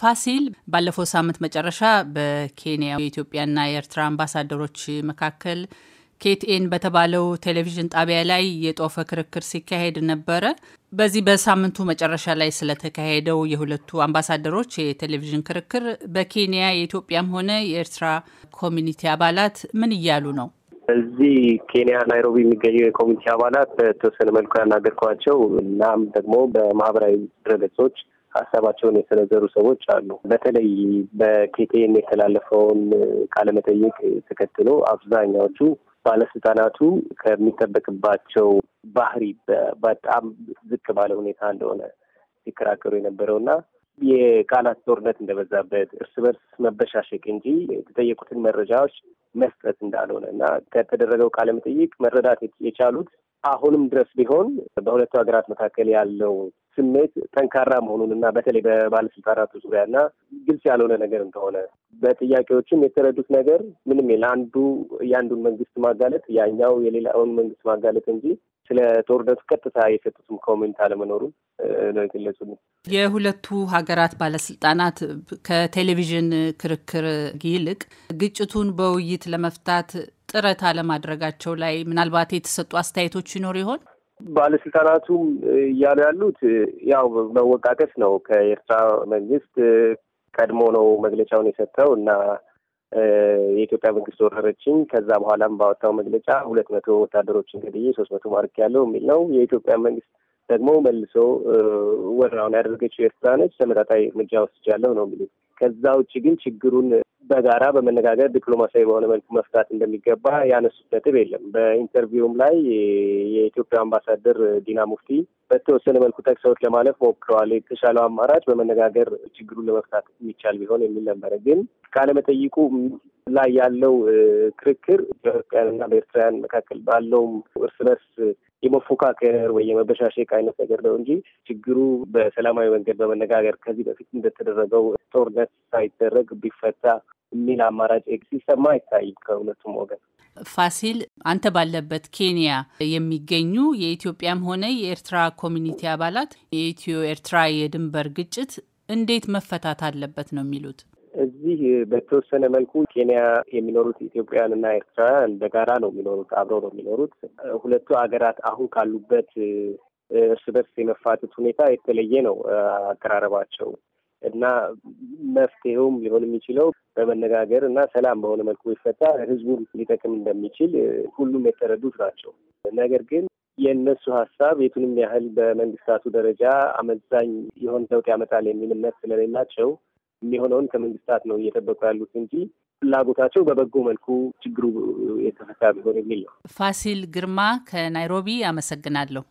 ፋሲል ባለፈው ሳምንት መጨረሻ በኬንያ የኢትዮጵያና የኤርትራ አምባሳደሮች መካከል ኬትኤን በተባለው ቴሌቪዥን ጣቢያ ላይ የጦፈ ክርክር ሲካሄድ ነበረ። በዚህ በሳምንቱ መጨረሻ ላይ ስለተካሄደው የሁለቱ አምባሳደሮች የቴሌቪዥን ክርክር በኬንያ የኢትዮጵያም ሆነ የኤርትራ ኮሚኒቲ አባላት ምን እያሉ ነው? እዚህ ኬንያ ናይሮቢ የሚገኙ የኮሚኒቲ አባላት በተወሰነ መልኩ ያናገርኳቸው እናም ደግሞ በማህበራዊ ድረገጾች ሀሳባቸውን የሰነዘሩ ሰዎች አሉ። በተለይ በኬቴን የተላለፈውን ቃለመጠይቅ ተከትሎ አብዛኛዎቹ ባለስልጣናቱ ከሚጠበቅባቸው ባህሪ በጣም ዝቅ ባለ ሁኔታ እንደሆነ ሲከራከሩ የነበረው እና የቃላት ጦርነት እንደበዛበት እርስ በርስ መበሻሸቅ እንጂ የተጠየቁትን መረጃዎች መስጠት እንዳልሆነ እና ከተደረገው ቃለ መጠይቅ መረዳት የቻሉት አሁንም ድረስ ቢሆን በሁለቱ ሀገራት መካከል ያለው ስሜት ጠንካራ መሆኑን እና በተለይ በባለስልጣናቱ ዙሪያ እና ግልጽ ያልሆነ ነገር እንደሆነ በጥያቄዎችም የተረዱት ነገር ምንም የለ አንዱ የአንዱን መንግስት ማጋለጥ ያኛው የሌላውን መንግስት ማጋለጥ እንጂ ስለ ጦርነቱ ቀጥታ የሰጡትም ኮሜንት አለመኖሩም ነው የገለጹት። የሁለቱ ሀገራት ባለስልጣናት ከቴሌቪዥን ክርክር ይልቅ ግጭቱን በውይይት ለመፍታት ጥረት አለማድረጋቸው ላይ ምናልባት የተሰጡ አስተያየቶች ይኖር ይሆን? ባለስልጣናቱም እያሉ ያሉት ያው መወቃቀስ ነው። ከኤርትራ መንግስት ቀድሞ ነው መግለጫውን የሰጠው እና የኢትዮጵያ መንግስት ወረረችኝ፣ ከዛ በኋላም ባወጣው መግለጫ ሁለት መቶ ወታደሮችን ገድዬ ሶስት መቶ ማርክ ያለው የሚል ነው። የኢትዮጵያ መንግስት ደግሞ መልሶ ወረራውን ያደረገችው ኤርትራ ነች፣ ተመጣጣይ እርምጃ ወስጃለሁ ነው የሚሉት። ከዛ ውጭ ግን ችግሩን በጋራ በመነጋገር ዲፕሎማሲያዊ በሆነ መልኩ መፍታት እንደሚገባ ያነሱት ነጥብ የለም። በኢንተርቪውም ላይ የኢትዮጵያ አምባሳደር ዲና ሙፍቲ በተወሰነ መልኩ ጠቅሰውት ለማለፍ ሞክረዋል። የተሻለው አማራጭ በመነጋገር ችግሩን ለመፍታት የሚቻል ቢሆን የሚል ነበረ። ግን ቃለመጠይቁ ላይ ያለው ክርክር በኢትዮጵያንና በኤርትራውያን መካከል ባለውም እርስ በርስ የመፎካከር ወይ የመበሻሸቅ አይነት ነገር ነው እንጂ ችግሩ በሰላማዊ መንገድ በመነጋገር ከዚህ በፊት እንደተደረገው ጦርነት ሳይደረግ ቢፈታ የሚል አማራጭ ሲሰማ አይታይም ከሁለቱም ወገን። ፋሲል፣ አንተ ባለበት ኬንያ የሚገኙ የኢትዮጵያም ሆነ የኤርትራ ኮሚኒቲ አባላት የኢትዮ ኤርትራ የድንበር ግጭት እንዴት መፈታት አለበት ነው የሚሉት? እዚህ በተወሰነ መልኩ ኬንያ የሚኖሩት ኢትዮጵያውያንና ኤርትራውያን በጋራ ነው የሚኖሩት፣ አብረው ነው የሚኖሩት። ሁለቱ ሀገራት አሁን ካሉበት እርስ በርስ የመፋጠት ሁኔታ የተለየ ነው አቀራረባቸው። እና መፍትሄውም ሊሆን የሚችለው በመነጋገር እና ሰላም በሆነ መልኩ ይፈታ ህዝቡን ሊጠቅም እንደሚችል ሁሉም የተረዱት ናቸው። ነገር ግን የእነሱ ሀሳብ የቱንም ያህል በመንግስታቱ ደረጃ አመዛኝ የሆነ ለውጥ ያመጣል የሚል እምነት ስለሌላቸው የሚሆነውን ከመንግስታት ነው እየጠበቁ ያሉት እንጂ ፍላጎታቸው በበጎ መልኩ ችግሩ የተፈታ ቢሆን የሚል ነው። ፋሲል ግርማ ከናይሮቢ አመሰግናለሁ።